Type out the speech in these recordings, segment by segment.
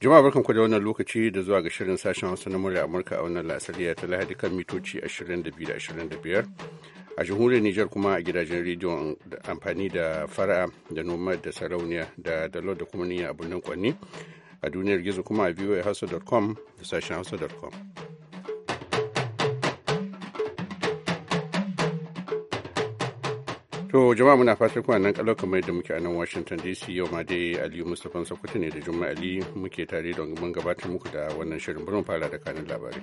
jima'a barkanku da wannan lokaci da zuwa ga shirin sashen Hausa na murya Amurka a wannan lasariya ta Lahadi kan mitoci 22 da 25. A jamhuriyar Nijar kuma a gidajen rediyo amfani da fara'a da noma da sarauniya da dalo da kuma niyya a birnin Kwanni. A duniyar gizo kuma a hausa.com da sashen hausa.com. To jama'a muna fatan kuna nan kalau kamar da muke a nan Washington DC yau ma dai Aliyu Mustapha Sokoto ne da Juma'a Ali muke tare don mun gabatar muku da wannan shirin burin fara da kanin labarai.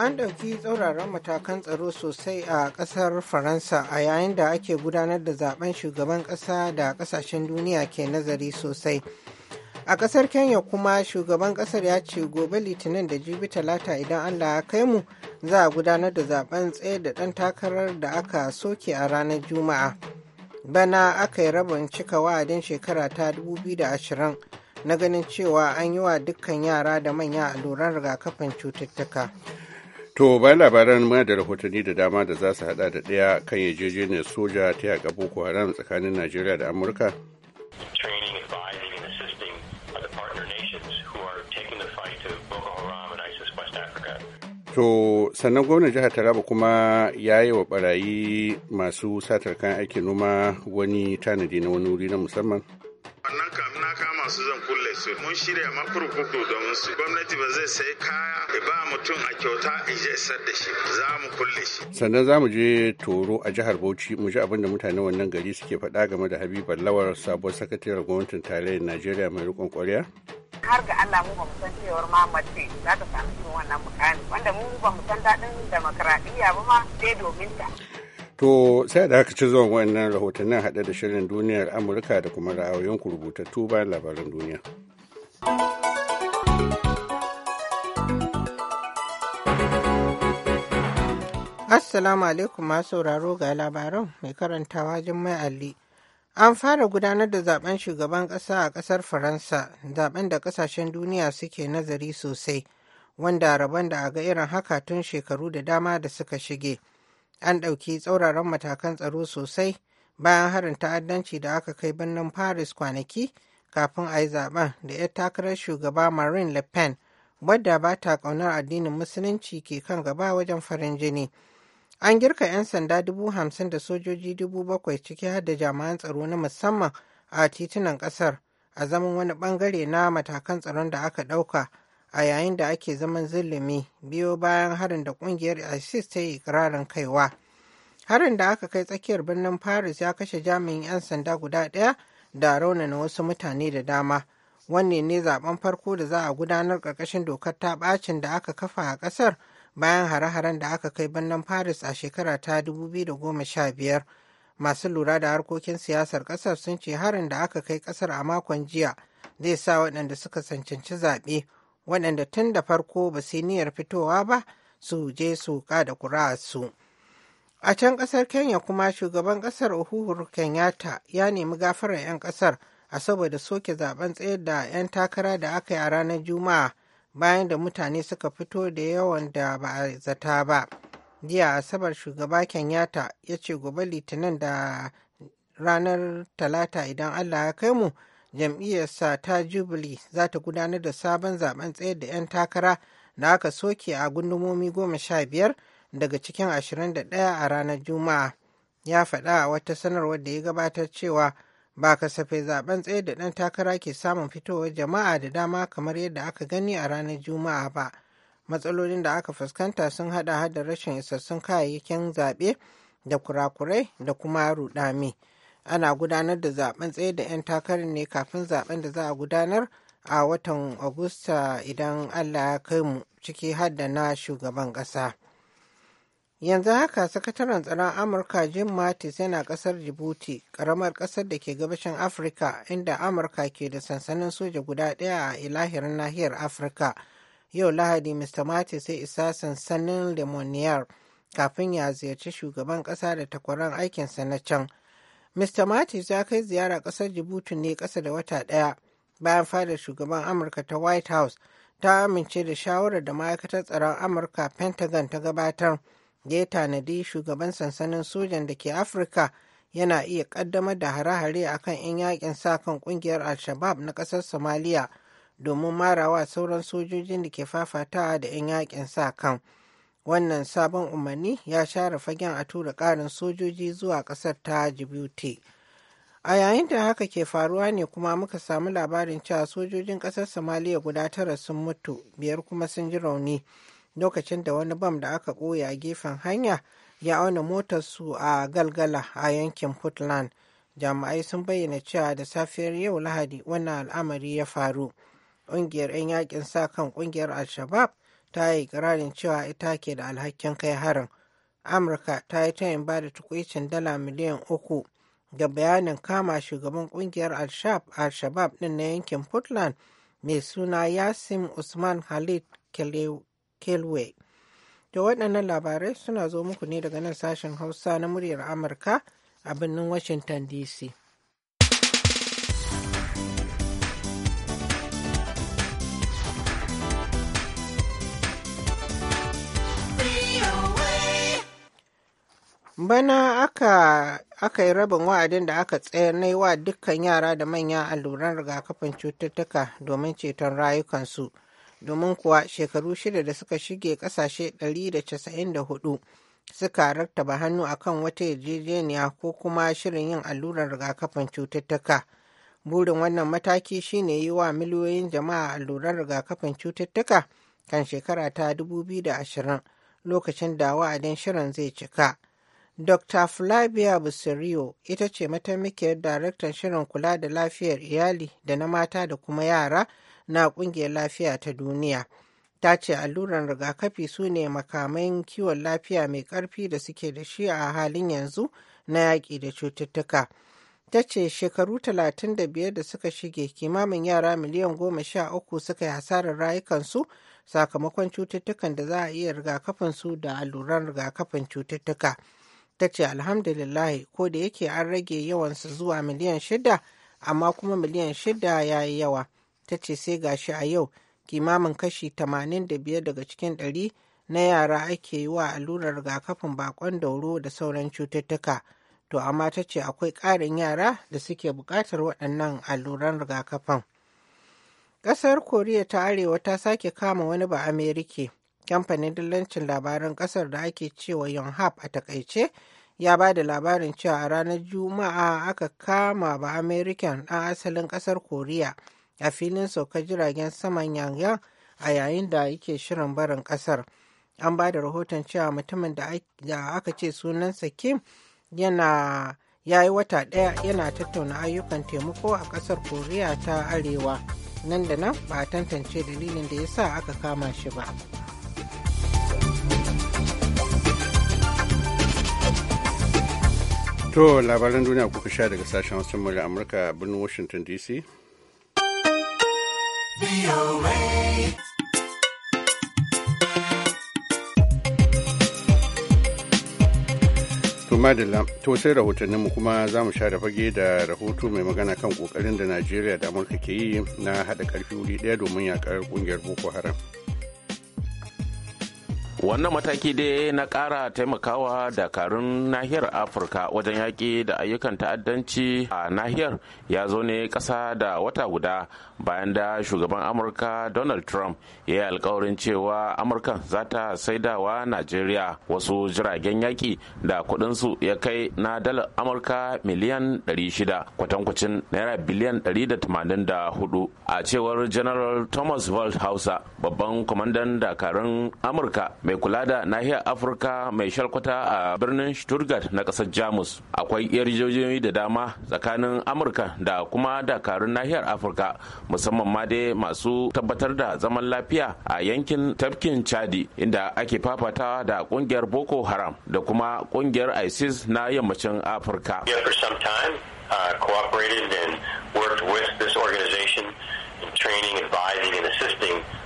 An ɗauki tsauraran matakan tsaro sosai a ƙasar Faransa a yayin da ake gudanar da zaben shugaban ƙasa da ƙasashen duniya ke nazari sosai. a kasar kenya kuma shugaban kasar ya ce gobe litinin da jibi talata idan allah ya kai mu za a gudanar da zaben tsaye da dan takarar da aka soke a ranar juma'a bana aka yi rabin cika wa'adin shekara ta 2020 na ganin cewa an yi wa dukkan yara da manya alluran rigakafin cututtuka To bayan labaran ma da rahotanni da dama da za su hada da ɗaya kan yarjejeniyar soja ta yaƙa Boko Haram tsakanin Najeriya da Amurka. To sannan gwamnan jihar Taraba kuma ya yi wa barayi masu satar kayan aikin noma wani tanadi na wani wuri na musamman. Wannan kam na zan kulle su mun shirya ma domin su gwamnati ba zai sai kaya ba mutum a kyauta in je isar da shi za mu kulle shi. Sannan za mu je toro a jihar Bauchi mu ji abin da mutane wannan gari suke faɗa game da Habiba Lawar sabuwar sakataren gwamnatin tarayyar Najeriya mai riƙon ƙwarya. har ga Allah mu ba mu san cewar ma mace za ta samu irin wannan mukami wanda mu ba san daɗin demokradiyya ba ma sai domin ta. To sai da aka ci zuwa wannan rahotannin haɗe da shirin duniyar Amurka da kuma ku rubutattu bayan labaran duniya. Assalamu alaikum masu sauraro ga labaran mai karantawa Jummai Alli. An fara gudanar da zaben shugaban ƙasa a ƙasar Faransa, zaben da ƙasashen duniya suke nazari sosai, wanda rabon da a ga irin haka tun shekaru da dama da suka shige. An ɗauki tsauraran matakan tsaro sosai bayan harin ta'addanci da aka kai birnin Paris kwanaki kafin a yi zaben da 'ya takarar shugaba Marine Le Pen, wadda ba ta ƙaunar addinin Musulunci ke kan gaba wajen farin jini. An girka 'yan sanda dubu hamsin da sojoji dubu bakwai ciki har da jami'an tsaro na musamman a titunan ƙasar a zaman wani bangare na matakan tsaron da aka ɗauka a yayin da ake zaman zulumi biyo bayan harin da ƙungiyar isis ta yi ikirarin kaiwa. Harin da aka kai tsakiyar birnin Paris ya kashe jami'in 'yan sanda guda ɗaya da raunana wasu mutane da dama. Wanne ne zaben farko da za a gudanar ƙarƙashin dokar ta bacin da aka kafa a ƙasar bayan hare-haren da aka kai birnin paris a shekara ta 2015 masu lura da harkokin siyasar kasar sun ce harin da aka kai kasar a makon jiya zai sa waɗanda suka cancanci zaɓe waɗanda tun da farko ba su niyyar fitowa ba su je su kada su. a can ƙasar kenya kuma shugaban ƙasar uhuru kenyatta ya nemi gafarar 'yan ƙasar a saboda soke zaben tsaye da 'yan takara da aka yi a ranar juma'a bayan da mutane suka fito da yawan da ba a zata ba jiya asabar shugaba kenyatta ya ce gobe litinin da ranar talata idan allah ya kai mu jam'iyyarsa ta jubilee za ta gudanar da sabon zaben tsayar da 'yan takara da aka soke a gundumomi goma sha biyar daga cikin ashirin da ɗaya a ranar juma'a ya faɗa a wata sanarwar da ya gabatar cewa ba kasafai zaben tsaye da ɗan takara ke samun fitowar jama'a da dama kamar yadda aka gani a ranar juma'a ba matsalolin da aka fuskanta sun hada hada rashin isassun kayayyakin zaɓe da kurakurai da kuma rudami ana gudanar da zaben tsaye da 'yan takarar ne kafin zaben da za a gudanar a watan agusta idan allah ya kai mu ciki har na shugaban ƙasa. yanzu haka sakataren tsaron amurka jim mattis yana kasar jibuti karamar kasar da ke gabashin afirka inda amurka ke da sansanin soja guda ɗaya a ilahirin nahiyar afirka yau lahadi mr mattis ya isa sansanin lemoniyar kafin ya ziyarci shugaban kasa da takwaran aikinsa na can mr mattis ya kai ziyara kasar jibuti ne kasa da wata ɗaya bayan fadar shugaban amurka ta white house ta amince da shawarar da ma'aikatar tsaron amurka pentagon ta gabatar ya yi tanadi shugaban sansanin sojan da ke afirka yana iya ƙaddamar da hare-hare a kan 'yan yakin sa kan ƙungiyar al na ƙasar somaliya domin marawa sauran sojojin da ke fafatawa da 'yan yakin sa kan wannan sabon umarni ya share fagen a tura ƙarin sojoji zuwa ƙasar ta jibuti a yayin da haka ke faruwa ne kuma muka samu labarin cewa sojojin ƙasar somaliya guda tara sun mutu biyar kuma sun ji rauni lokacin da wani bam da aka ɓoye a gefen hanya ya auna motarsu a galgala a yankin Puntland. Jami'ai sun bayyana cewa da safiyar yau Lahadi wannan al'amari ya faru. Ƙungiyar 'yan yakin sa kan ƙungiyar al shabab ta yi ƙirarin cewa ita ke da alhakin kai harin. Amurka ta yi tayin ba da tukwicin dala miliyan uku ga bayanin kama shugaban ƙungiyar al shabab ɗin na yankin Puntland mai suna Yasim Usman Khalid kelway Da waɗannan labarai suna zo muku ne daga nan sashen Hausa na muryar Amurka a birnin Washington DC. bana aka, aka yi rabin wa'adin da aka tsayar na wa dukkan yara da manya alluran rigakafin cututtuka domin ceton rayukansu domin kuwa shekaru shida da suka shige kasashe 194 suka rattaba hannu akan wata yarjejeniya ko kuma shirin yin allurar rigakafin cututtuka. burin wannan mataki shine yi wa miliyoyin jama'a allurar rigakafin cututtuka kan shekara ta 2020 lokacin da wa'adin shirin zai cika. Dr. Flavia Busirio ita ce mataimakiyar daraktan shirin kula da lafiyar iyali da na mata da kuma yara na ƙungiyar lafiya ta duniya ta ce alluran rigakafi su ne makaman kiwon lafiya mai ƙarfi da suke da shi a halin yanzu na yaƙi da cututtuka ta ce shekaru 35 da suka shige kimamin yara miliyan 13 suka yi hasarar rayukansu sakamakon cututtukan da za a iya su da alluran rigakafin cututtuka ta ce alhamdulillah ko da yake an rage yawansu zuwa miliyan shida amma kuma miliyan shida ya yi yawa ta ce sai gashi a yau kimamin kashi 85 daga cikin ɗari na yara ake yi wa allurar rigakafin bakon dauro da sauran cututtuka to amma ta ce akwai ƙarin yara da suke buƙatar waɗannan alluran rigakafin ƙasar koriya ta arewa ta sake kama wani ba amerika kamfanin dillancin labaran ƙasar da ake cewa yonhap a takaice ya ba da labarin cewa a ranar juma'a aka kama ba american ɗan asalin ƙasar koriya a filin saukar jiragen saman yanga a yayin da yake shirin barin kasar an ba da rahoton cewa mutumin da aka ce sunansa kim yana ya yi wata ɗaya yana tattauna ayyukan taimako a ƙasar koriya ta arewa nan da nan ba a tantance dalilin da ya sa aka kama shi ba to labaran duniya kuka sha daga sashen wasu murya amurka birnin washington dc madalla to sai rahotanninmu kuma za mu share fage da rahoto mai magana kan kokarin da najeriya da amurka ke yi na haɗa ƙarfi wuri ɗaya domin yaƙar ƙungiyar boko haram wannan mataki dai na kara taimakawa dakarun nahiyar afirka wajen yaƙi da ayyukan ta'addanci a nahiyar ya zo ne ƙasa da wata guda bayan da shugaban amurka donald trump ya yi alkawarin cewa amurka za ta saidawa najeriya wasu jiragen yaƙi da kuɗinsu ya kai na dalar amurka miliyan 600 kwatankwacin naira biliyan 184 a cewar general thomas waldhauser babban kwamandan dakarun amurka mai kula da nahiyar afirka mai shalkwata a birnin stuttgart na kasar jamus akwai yarjejoji da dama tsakanin amurka da kuma dakarun nahiyar afirka musamman ma dai masu tabbatar da zaman lafiya a yankin tafkin chadi inda ake fafatawa da kungiyar boko haram da kuma kungiyar isis na yammacin afirka Uh, with this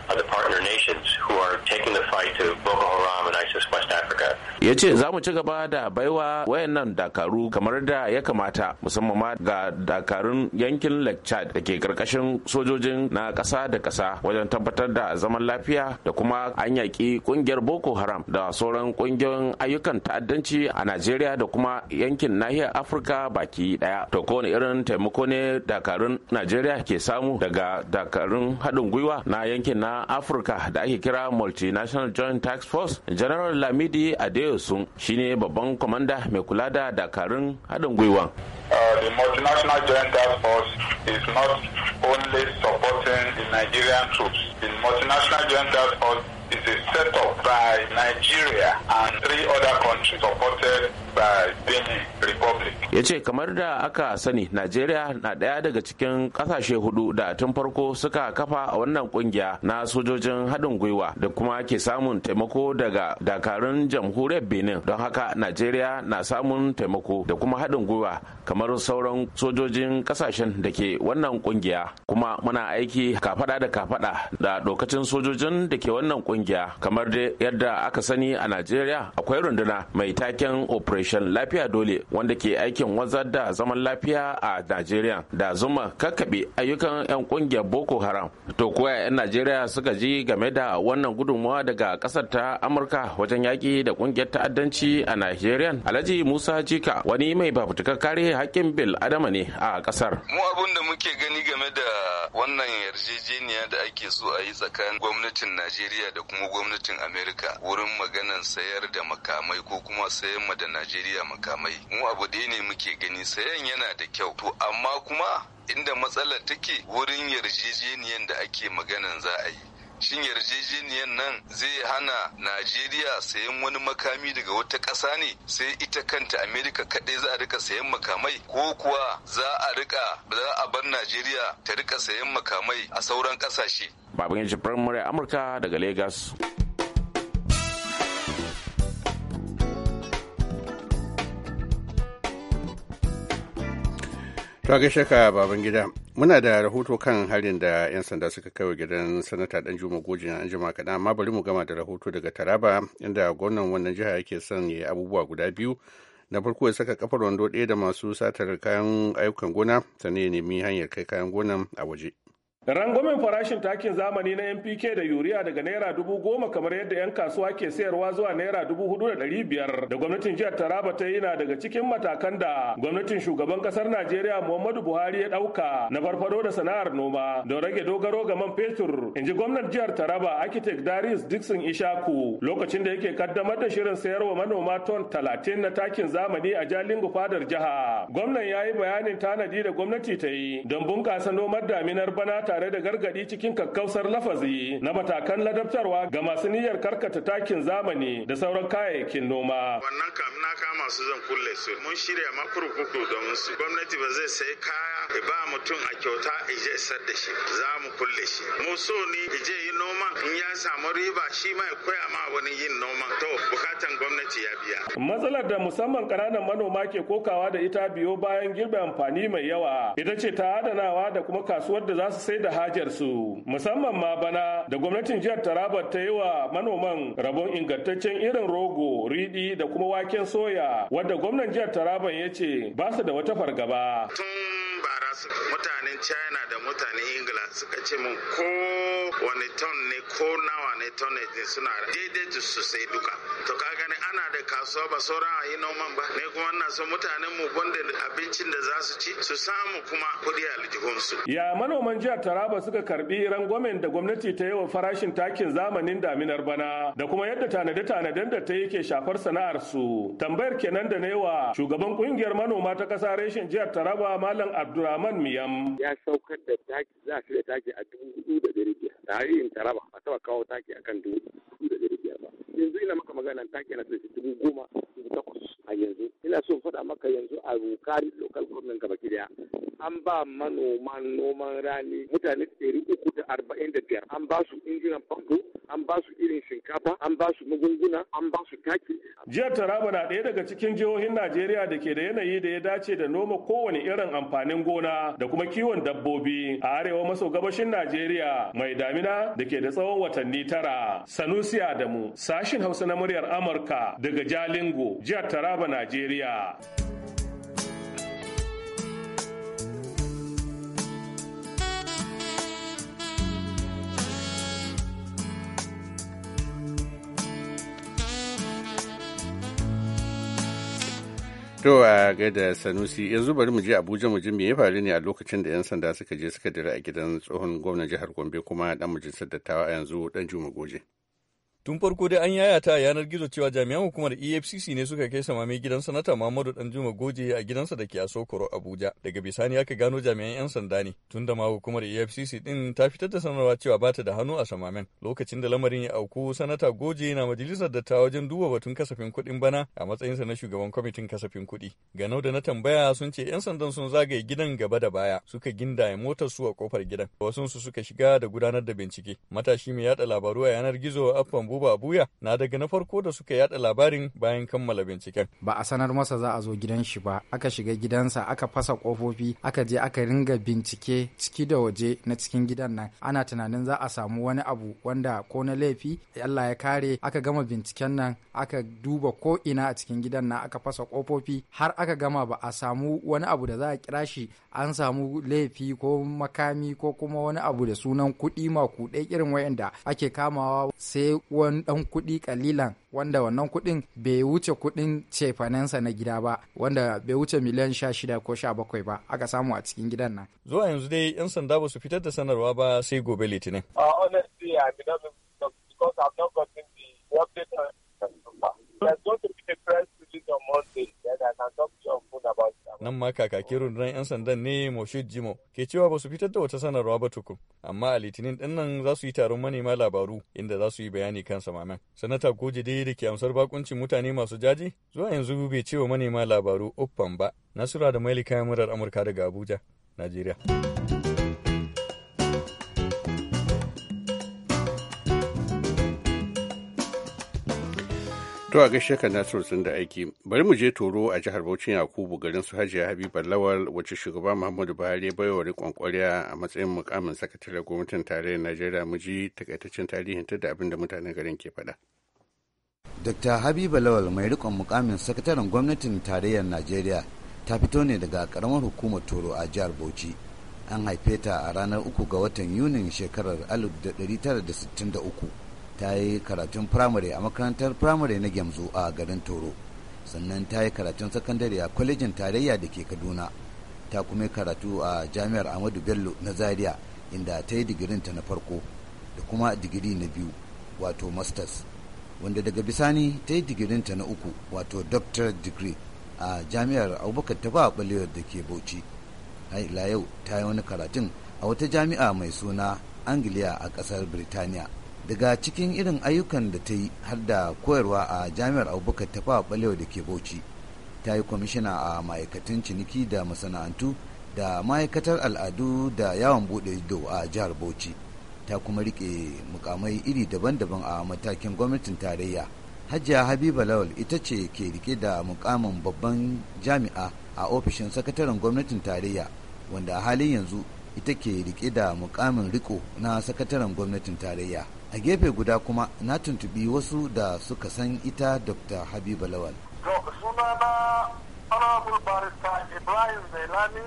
other partner nations who are taking the fight to Boko Haram and ISIS West Africa. Ya ce za mu ci gaba da baiwa wayannan dakaru kamar da ya kamata musamman ma ga dakarun yankin Lake Chad da ke karkashin sojojin na ƙasa da kasa wajen tabbatar da zaman lafiya da kuma an yaƙi ƙungiyar Boko Haram da sauran ƙungiyoyin ayyukan ta'addanci a Najeriya da kuma yankin nahiyar Afirka baki daya To kowane irin taimako ne dakarun Najeriya ke samu daga dakarun haɗin gwiwa na yankin na na afirka da ake kira multinational joint tax force general lamidi adeosun shine babban kwamanda mai kula da dakarun haɗin gwiwa uh, the multinational joint tax force is not only supporting the nigerian troops The multinational joint task force is a set by Nigeria and three other countries supported by Benin Republic. Ya ce kamar da aka sani Najeriya na daya daga cikin ƙasashe hudu da tun farko suka kafa a wannan kungiya na sojojin haɗin gwiwa da kuma ke samun taimako daga dakarun jamhuriyar Benin don haka Najeriya na samun taimako da kuma haɗin gwiwa kamar sauran sojojin ƙasashen da ke wannan kungiya kuma muna aiki kafaɗa da kafaɗa da A dokacin sojojin da ke wannan kungiya kamar da yadda aka sani a najeriya akwai runduna mai taken operation lafiya dole wanda ke aikin wazar da zaman lafiya a najeriya da zuma kakkaɓe ayyukan 'yan kungiyar boko haram to koya 'yan najeriya suka ji game da wannan gudunmuwa daga ƙasar ta amurka wajen yaƙi da kungiyar ta'addanci a najeriya alhaji musa jika wani mai fafutukar kare hakkin bil adama ne a ƙasar mu abin da muke gani game da wannan yarjejeniya da ake so a yi tsakanin gwamnatin Najeriya da kuma gwamnatin Amerika wurin maganan sayar da makamai ko kuma sayan ma da Najeriya makamai. Mu abu ɗaya ne muke gani sayan yana da kyau. To amma kuma inda matsalar take wurin yarjejeniyar da ake maganan za a yi. shin yarjejeniyar nan zai hana najeriya sayan wani makami daga wata ƙasa ne sai ita kanta amerika kaɗai za a rika sayan makamai ko kuwa za a rika za a bar najeriya ta rika sayan makamai a sauran ƙasashe babban ya jibrin murya amurka daga lagos ta shaka babangida baban gida muna da rahoto kan harin da 'yan sanda suka kai wa gidan sanata dan juma goji na anjima kaɗan amma bari mu gama da rahoto daga taraba inda gwamnan wannan jiha yake son ya yi abubuwa guda biyu na farko ya saka kafar wando ɗaya da masu satar kayan ayyukan gona sannan ya nemi hanyar kai kayan gonan a waje Rangwamen farashin takin zamani na NPK da yuriya daga naira dubu goma kamar yadda 'yan kasuwa ke sayarwa zuwa naira dubu hudu da ɗari biyar da gwamnatin jihar Taraba ta yi na daga cikin matakan da gwamnatin shugaban kasar Najeriya Muhammadu Buhari ya ɗauka na farfado da sana'ar noma don rage dogaro ga man fetur. In ji gwamnan jihar Taraba Akitek Darius Dixon Ishaku lokacin da yake kaddamar da shirin sayarwa manoma ton talatin na takin zamani a Jalingo fadar jiha. Gwamnan ya yi bayanin tanadi da gwamnati ta yi don bunƙasa nomar daminar banata tare da gargadi cikin kakkausar lafazi na matakan ladabtarwa ga masu niyyar karkata takin zamani da sauran kayayyakin noma. Wannan kam na kama su zan kulle su. Mun shirya makurkuku domin su. Gwamnati ba zai sayi kaya ba mutum a kyauta ije isar da shi. Za mu kulle shi. Mu so ni ije yi noman in ya samu riba shi ma ya koya ma wani yin noman. To bukatan gwamnati ya biya. Matsalar da musamman ƙananan manoma ke kokawa da ita biyo bayan girbe amfani mai yawa ita ce ta adanawa da kuma kasuwar da za su sai da hajarsu musamman ma bana da gwamnatin jihar Taraba ta yi wa manoman rabon ingantaccen irin rogo, riɗi da kuma waken soya wadda gwamnan jihar tarabar ya ce ba su da wata fargaba. mutanen china da mutanen ingila suka ce mun ko wani ton ne ko na ne tonnage suna daidai su sai duka to ka gani ana da kasuwa ba sauran a yi noman ba ne kuma ina so mutanen mu gonda abincin da za su ci su samu kuma kuɗi a su ya manoman jihar taraba suka karbi rangwamen da gwamnati ta yi wa farashin takin zamanin daminar bana da kuma yadda tanade-tanaden da ta yi ke shafar sana'ar su tambayar kenan da newa shugaban kungiyar manoma ta kasa reshen jihar taraba malam abdulrahman miyam ya saukar da taki za su da taki a dubu da da har yin taraba a taba kawo taki akan dubu da dari biyar ba yanzu ina maka magana taki na sai dubu goma dubu takwas a yanzu ina so faɗa maka yanzu a rukari local government gaba ki daya an ba manoman noman rani mutane ɗari uku da arba'in da biyar an ba su injinan fanko an ba su irin shinkafa an ba su magunguna an ba su taki. jihar taraba na ɗaya daga cikin jihohin najeriya da ke da yanayi da ya dace da noma kowane irin amfanin gona da kuma kiwon dabbobi a arewa maso gabashin najeriya mai damina da ke da tsawon watanni tara sanusi adamu sashin hausa na muryar amurka daga jalingo jihar taraba najeriya. To a gaida Sanusi yanzu bari mu je Abuja mu ji me ya faru ne a lokacin da 'yan sanda suka je suka dira a gidan tsohon gwamnan jihar Gombe kuma dan majalisar dattawa a yanzu dan Juma Goje. Tun farko dai an yayata a yanar gizo cewa jami'an hukumar EFCC ne suka kai samami gidan sanata Muhammadu Danjuma Goje a gidansa da ke a Sokoro Abuja. Daga bisani aka gano jami'an 'yan sanda ne. Tun da ma hukumar EFCC din ta fitar da sanarwa cewa bata da hannu a samamen. Lokacin da lamarin ya auku sanata Goje na majalisar ta wajen duba batun kasafin kuɗin bana a matsayinsa na shugaban kwamitin kasafin kuɗi. Ganau da na tambaya sun ce 'yan sandan sun zagaye gidan gaba da baya suka gindaya motar su a kofar gidan. Wasunsu suka shiga da gudanar da bincike. Matashi mai yada labaru a yanar gizo Afan Abuba Abuya na daga na farko da suka yada labarin bayan kammala binciken. Ba a sanar masa za a zo gidan shi ba, aka shiga gidansa, aka fasa kofofi, aka je aka ringa bincike ciki da waje na cikin gidan nan. Ana tunanin za a samu wani abu wanda ko na laifi Allah ya kare aka gama binciken nan aka duba ko ina a cikin gidan nan aka fasa kofofi har aka gama ba a samu wani abu da za a kira shi an samu laifi ko makami ko kuma wani abu da sunan kuɗi makuɗai irin wayanda ake kamawa sai wani ɗan kuɗi kalilan wanda wannan kuɗin bai wuce kuɗin cefanensa na gida ba wanda bai wuce miliyan sha shida ko sha bakwai ba aka samu a cikin gidan nan. Zuwa yanzu dai 'yan sanda ba su fitar da sanarwa ba sai gobe litinin. Uh, honestly, I mean, because I've not gotten the update on There's going to be a press release on Monday, then I can talk nan ma kakakin rundunar 'yan sandan ne moshe Jimo ke cewa ba su fitar da wata sanarwa ba tukun amma a litinin din nan za su yi taron manema labaru inda za su yi bayani kan samamen. Sanata Goje dai da ke amsar bakuncin mutane masu jaji zuwa yanzu bai ce wa manema labaru uffan ba. Nasura da kayan murar Amurka daga Abuja, Najeriya. To a gaishe ka Nasiru sun da aiki. Bari mu je Toro a jihar Bauchi Yakubu garin su Hajiya Habiba Lawal wacce shugaba Muhammadu Buhari baiwa rikon kwarya a matsayin mukamin sakatare gwamnatin tarayyar Najeriya mu ji takaitaccen tarihin ta da abin da mutanen garin ke faɗa. Dr. Habiba Lawal mai rikon mukamin sakataren gwamnatin tarayyar Najeriya ta fito ne daga karamar hukumar Toro a jihar Bauchi. An haife ta a ranar uku ga watan Yunin shekarar 1963. ta yi karatun firamare a makarantar firamare na gyamzo a garin toro sannan ta yi karatun sakandare a kwalejin tarayya da ke kaduna ta kuma karatu a jami'ar ahmadu bello na zaria inda ta yi digirinta na farko da kuma digiri na biyu wato masters wanda daga bisani ta yi digirinta na uku wato doctorate degree a jami'ar abubakar ta ba da ke bauchi ila yau ta yi wani karatun a wata jami'a mai suna angliya a kasar birtaniya daga cikin irin ayyukan da ta yi har da koyarwa a jami'ar abubakar ta fawa balewa da ke bauchi ta yi kwamishina a ma'aikatan ciniki da masana'antu da ma'aikatar al'adu da yawon bude ido a jihar bauchi ta kuma rike mukamai iri daban-daban a matakin gwamnatin tarayya hajiya habiba lawal ita ce ke rike da mukamin babban jami'a a ofishin sakataren gwamnatin tarayya wanda a halin yanzu ita ke rike da mukamin riko na sakataren gwamnatin tarayya a gefe guda kuma na tuntuɓi wasu da suka san ita dr habiba lawal to suna na honorable barista ibrahim zailani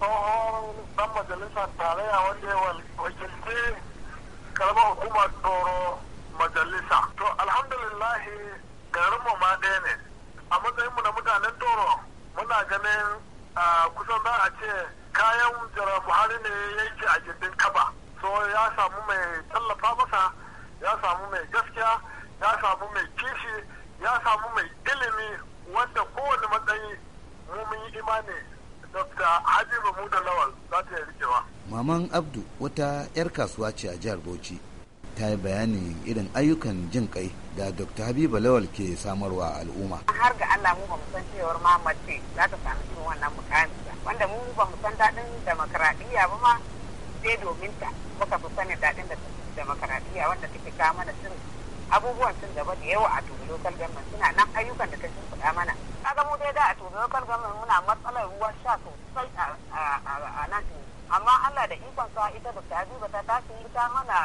tsohon ɗan majalisar tarayya wanda ya wakilci hukumar toro majalisa to alhamdulillahi garinmu ma ɗaya ne a matsayinmu na mutanen toro muna ganin ah, kusan za a ce kayan jira buhari ne yake a gindin kaba to ya samu mai tallafa masa ya samu mai gaskiya ya samu mai kishi ya samu mai ilimi wanda kowane matsayi mu mun yi imani dr habibu mu da lawal za ta yi rikewa maman abdu wata 'yar kasuwa ce a jihar bauchi ta yi bayanin irin ayyukan jin kai da dr habiba lawal ke samarwa al'umma har ga allah mu ba mu san cewar ma mace za ta sami wannan mukami wanda mu ba mu san daɗin demokaradiyya ba ma sai domin ta muka fi sanin daɗin da demokaradiyya wanda take kawo mana sun abubuwan sun gaba da yawa a tobe local government suna nan ayyukan da ta shimfiɗa mana kaga mu dai da a tobe local government muna matsalar ruwan sha sosai a nan amma Allah da ikon sa ita da ta duba ta tashi ta mana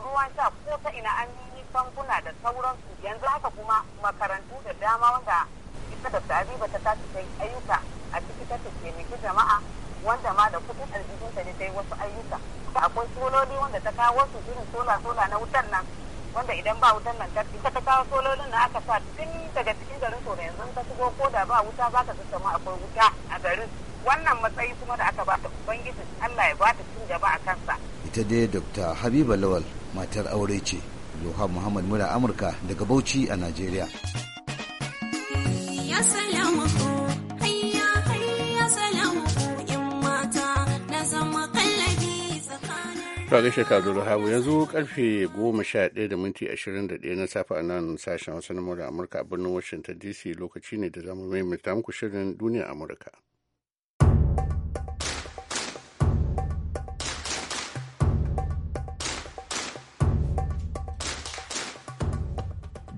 ruwan sha ko ta ina an yi bankuna da sauransu yanzu haka kuma makarantu da dama wanda ita da ta ta tashi ta yi ayyuka a ciki ta taimaki jama'a wanda ma da kuɗin arzikinta ne ta yi wasu ayyuka akwai sololi wanda ta kawo wasu irin sola sola na wutar nan wanda idan ba wutar lantarki ita ta kawo sololin na aka sa tun daga cikin garin to yanzu ta shigo ko da ba wuta ba ka samu akwai wuta a garin wannan matsayi kuma da aka ta ubangiji Allah ya ba ta cin gaba a kansa ita dai Dr. Habiba Lawal matar aure ce Yoha Muhammad Mura Amurka daga Bauchi a Najeriya. Ya salamu To gaishe ka yanzu karfe goma sha ɗaya da minti ashirin da ɗaya na safe a nan sashen wasu na Amurka a birnin Washington DC lokaci ne da zamu mai muku shirin duniya Amurka.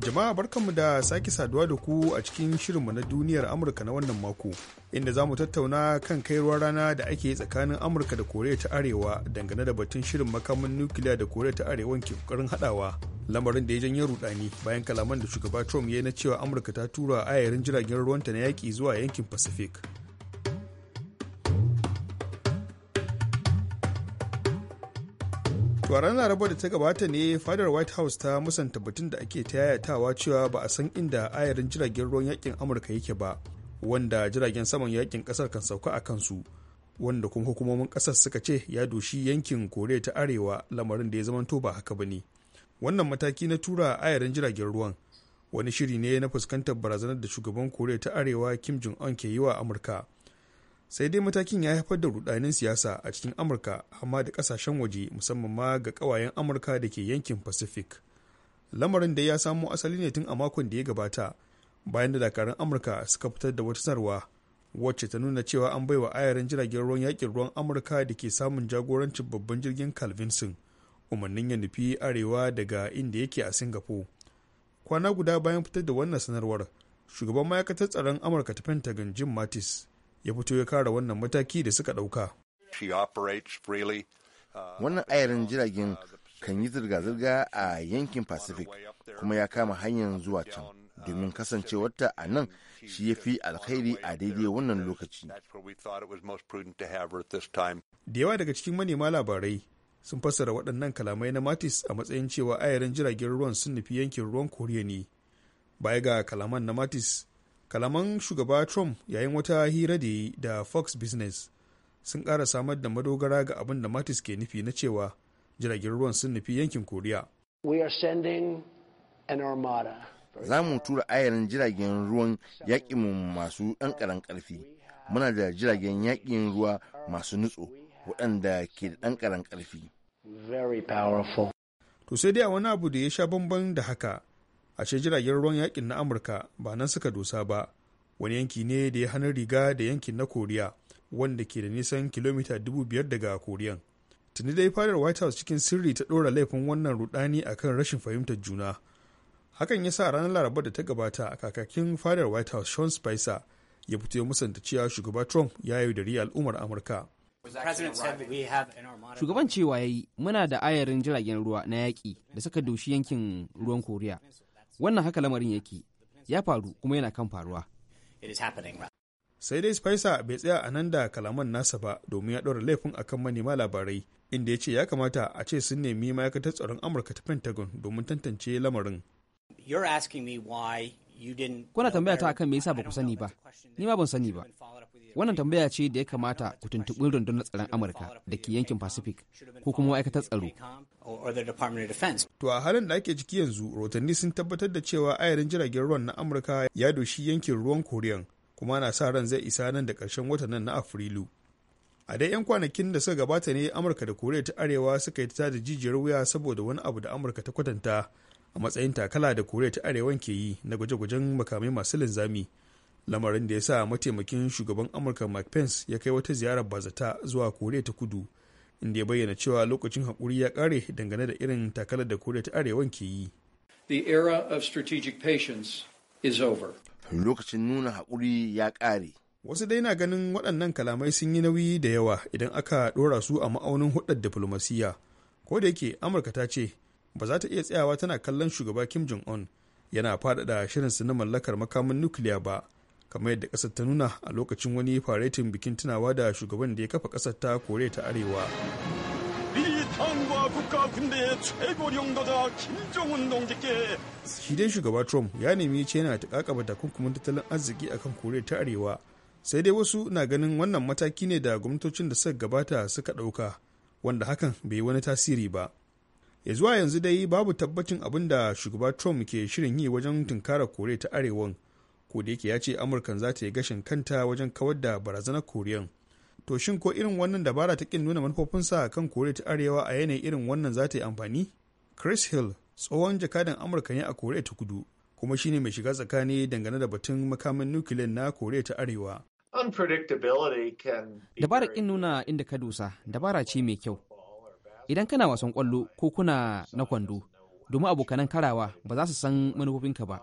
Jama'a barkanmu da sake saduwa da ku a cikin shirinmu na duniyar Amurka na wannan mako, inda za mu tattauna kan kairuwar rana da ake yi tsakanin Amurka da Koriya ta Arewa dangane da batun shirin makamin nukiliya da Koriya ta Arewa ke kokarin hadawa, lamarin da ya janyo rudani bayan kalaman da shugaba Trump ya na cewa Amurka ta tura ayarin jiragen ruwanta na yaki zuwa yankin Pacific. To ran Laraba da ta gabata ne fadar White House ta musanta batun da ake ta yayatawa cewa ba a san inda ayarin jiragen ruwan yakin Amurka yake ba, wanda jiragen saman yakin kasar kan sauka a kansu, wanda kuma hukumomin kasar suka ce ya doshi yankin Koriya ta Arewa lamarin da ya zamanto ba haka ba ne. Wannan mataki na tura ayarin jiragen ruwan wani shiri ne na fuskantar barazanar da shugaban Koriya ta Arewa Kim Jong-un ke yi wa Amurka. sai dai matakin ya haifar da rudanin siyasa a cikin amurka amma da kasashen waje musamman ma ga kawayen amurka da ke yankin pacific lamarin da ya samo asali ne tun a makon da ya gabata bayan da dakarun amurka suka fitar da wata sanarwa wacce ta nuna cewa an baiwa ayarin jiragen ruwan yakin ruwan amurka da ke samun jagorancin babban jirgin calvinson umarnin ya nufi arewa daga inda yake a singapore kwana guda bayan fitar da wannan sanarwar shugaban ma'aikatar tsaron amurka ta pentagon jim mattis ya fito ya kara wannan mataki da suka ɗauka. Uh, wannan ayarin jiragen kan yi zirga-zirga a yankin Pacific kuma ya kama hanyar zuwa can domin kasancewarta a nan shi ya fi alkhairi a daidai wannan lokaci. Da yawa daga cikin manema labarai sun fassara waɗannan kalamai na Matis a matsayin cewa ayarin jiragen ruwan sun nufi yankin ruwan Koriya ne. Baya ga kalaman na Matis, kalaman shugaba trump yayin wata hira da yi da fox business sun kara samar da madogara ga abin da matis ke nufi na cewa jiragen ruwan sun nufi yankin koriya za mu tura ayarin jiragen ruwan yaƙinmu masu ɗan karan ƙarfi muna da jiragen yaƙin ruwa masu nutso waɗanda ke da ɗan karan ƙarfi to sai dai a wani abu da ya sha bamban da haka a ce jiragen ruwan yakin na amurka ba nan suka dosa ba wani yanki ne da ya hana riga da yankin na koriya wanda ke da nisan kilomita 5,000 daga koriyan tuni dai fadar white house cikin sirri ta ɗora laifin wannan rudani akan rashin fahimtar juna hakan ya sa ranar laraba da ta gabata a kakakin fadar white house sean spicer ya fito ya musanta cewa shugaba trump ya yi dari al'ummar amurka shugaban cewa ya yi muna da ayarin jiragen ruwa na yaƙi da suka doshi yankin ruwan koriya wannan haka lamarin yake ya faru kuma yana kan faruwa sai dai spicer bai tsaya a nan da kalaman nasa ba domin ya ɗora laifin akan manema labarai inda ya ce ya kamata a ce sun nemi ma'aikatar tsaron amurka ta pentagon domin tantance lamarin kuna tambaya ta akan me yasa ba ku sani ba ni ma ban sani ba wannan tambaya ce da ya kamata ku tuntuɓi rundunar tsaron amurka da ke yankin pacific ko kuma ma'aikatar tsaro To a halin da ake ciki yanzu, rotanni sun tabbatar da cewa ayarin jiragen ruwan na Amurka ya doshi yankin ruwan Koriyan, kuma na sa ran zai isa nan da ƙarshen watan nan na Afrilu. A dai 'yan kwanakin da suka gabata ne Amurka da Koriya ta Arewa suka yi ta da jijiyar wuya saboda wani abu da Amurka ta kwatanta a matsayin takala da Koriya ta Arewan ke yi na gwaje-gwajen makamai masu linzami. Lamarin da ya sa mataimakin shugaban Amurka Mike Pence ya kai wata ziyarar bazata zuwa Koriya ta Kudu. inda ya bayyana cewa lokacin haƙuri ya ƙare dangane da irin takalar da koriya ta arewan ke yi the era of strategic patience is over lokacin nuna haƙuri ya ƙare wasu dai na ganin waɗannan kalamai sun yi nauyi da yawa idan aka ɗora su a ma'aunin hudar diflomasiyya ko da yake amurka ta ce ba za ta iya tsayawa tana kallon shugaba kim jong un yana faɗaɗa shirin su na mallakar makamin nukiliya ba kamar yadda kasar ta nuna a lokacin wani faretin bikin tunawa da shugaban da ya kafa kasar ta kore ta arewa shi dai shugaba trump ya nemi ce china ta kakaba takunkumin tattalin arziki akan kore ta arewa sai dai wasu na ganin wannan mataki ne da gwamnatocin da suka gabata suka ɗauka wanda hakan bai wani tasiri ba ya zuwa yanzu dai babu tabbacin abin da shugaba trump ke shirin yi wajen tunkara kore ta arewan ko yake ya ce amurkan za ta yi gashin kanta wajen kawar da barazanar koriyan to shin ko irin wannan dabara ta kin nuna manufofinsa kan koriya ta arewa a yanayi irin wannan za ta yi amfani chris hill tsohon jakadan amurka ne a koriya ta kudu kuma shine mai shiga tsakani dangane da batun makamin nukiliyan na koriya ta arewa dabara kin nuna inda ka dusa dabara ce mai kyau idan kana wasan kwallo ko kuna na kwando domin abokanan karawa ba za su san manufofinka ba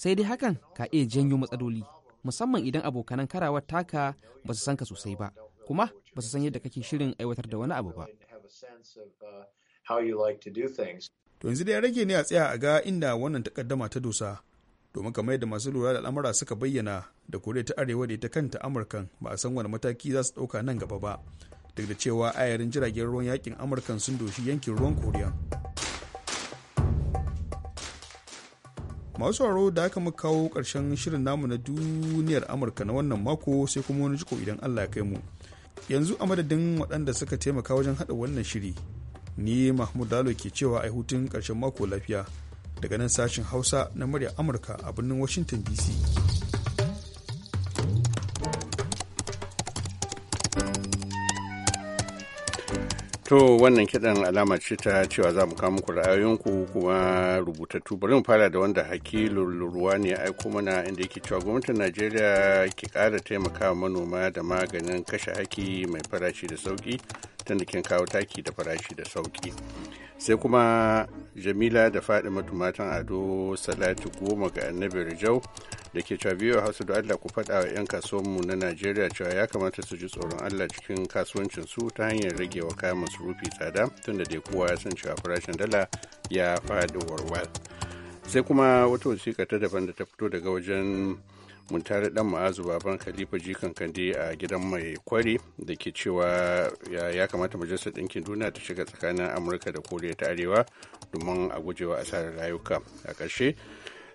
sai dai hakan ka iya janyo matsaloli musamman idan abokanan karawar taka ba su san ka sosai ba kuma ba su san yadda kake shirin aiwatar da wani abu ba uh, to yanzu da ya rage ne a tsaya a ga inda wannan takaddama ta dosa domin kamar yadda masu lura da al'amura suka bayyana da koriya ta arewa da ita kanta amurkan ba a san wani mataki za su dauka nan gaba ba duk da cewa ayarin jiragen ruwan yakin amurkan sun doshi yankin ruwan koriya masu sauraro da aka muka kawo ƙarshen shirin namu na duniyar amurka na wannan mako sai kuma wani jiko idan allah ya kai mu yanzu a madadin waɗanda suka taimaka wajen haɗa wannan shiri ni mahmud dalo ke cewa a hutun ƙarshen mako lafiya daga nan sashen hausa na murya amurka a birnin washington dc To wannan kiɗan alama ce ta cewa za mu kawo muku ra'ayoyinku kuma rubutattu bari mu fara da wanda hakilu ruwa ne aiko mana inda yake cewa gwamnatin Najeriya ki ƙara taimaka manoma da maganin kashe haki mai farashi da sauki tunda kin kawo taki da farashi da sauki. sai kuma jamila da fadima matumatan ado salati goma ga annabi rijau da ke cewa biyu hausa da allah ku faɗa wa 'yan kasuwanmu na najeriya cewa ya kamata su ji tsoron allah cikin kasuwancin su ta hanyar rage wa masu rufi tsada tunda dai kowa ya san cewa farashin dala ya faɗi warwal sai kuma wata wasiƙa ta daban da ta fito daga wajen mun tare dan ma'azu baban khalifa jikan kande a gidan mai kwari da ke cewa ya kamata majalisar ɗinkin duniya ta shiga tsakanin amurka da koriya ta arewa domin a gujewa asarar rayuka a ƙarshe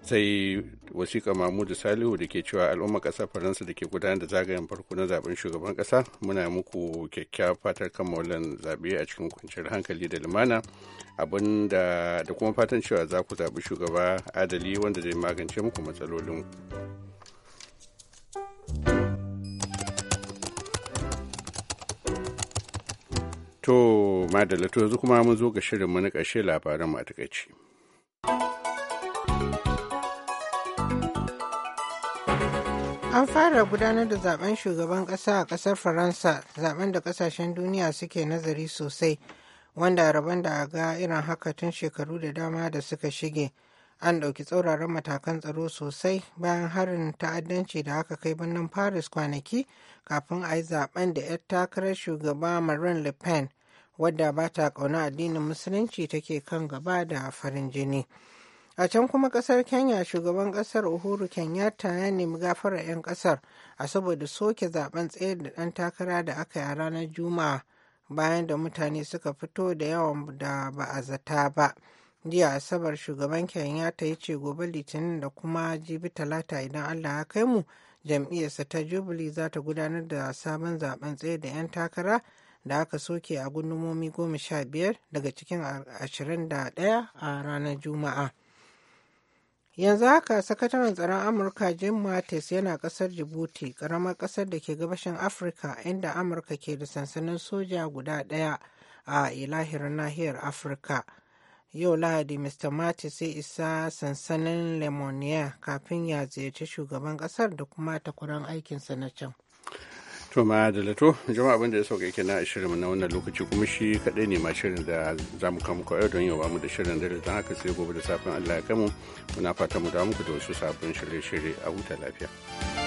sai wasiƙa mahmudu salihu da ke cewa al'ummar ƙasar faransa da ke gudanar da zagayen farko na zaben shugaban ƙasa muna muku kyakkyawar fatar kammalan zaɓe a cikin kwanciyar hankali da lumana abin da kuma fatan cewa za ku zaɓi shugaba adali wanda zai magance muku matsalolinku. To, madalla to yanzu kuma mun zo ga mu na ƙarshe labaran mu a takaici. An fara gudanar da zaben shugaban ƙasa a ƙasar Faransa, zaben da ƙasashen duniya suke nazari sosai, wanda rabon da a ga irin haka tun shekaru da dama da suka shige. an ɗauki tsauraran matakan tsaro sosai bayan harin ta'addanci da aka kai birnin paris kwanaki kafin a yi zaben da 'yar takarar shugaba marine le pen wadda ba ta ƙauna addinin musulunci take kan gaba da farin jini a can kuma ƙasar kenya shugaban kasar uhuru kenyatta ya nemi gafarar 'yan ƙasar, a saboda soke zaben tsayar da ɗan takara da aka yi a ranar juma'a bayan da mutane suka fito da yawan da ba a zata ba. jiya asabar shugaban kenyatta ya ce gobe litinin da kuma jibi talata idan allah ya kai mu jam'iyyarsa ta jubilee za ta gudanar da sabon zaben tsaye da 'yan takara da aka soke a gundumomi goma sha biyar daga cikin ashirin da ɗaya a ranar juma'a yanzu haka sakataren tsaron amurka jim mattis yana kasar jibuti karamar kasar da ke gabashin afirka inda amurka ke da sansanin soja guda ɗaya a ilahirin nahiyar afirka yau lahadi mr mattis sai isa sansanin lemoniya kafin ya ziyarci shugaban kasar da kuma takwaran aikinsa na can to ma da lato jama abin da ya sauka yake na shirin na wannan lokaci kuma shi kaɗai ne ma shirin da za mu kama kawai don yau ba mu da shirin dare don haka sai gobe da safin allah ya kamu muna fata mu da muku da wasu sabbin shirye-shirye a huta lafiya.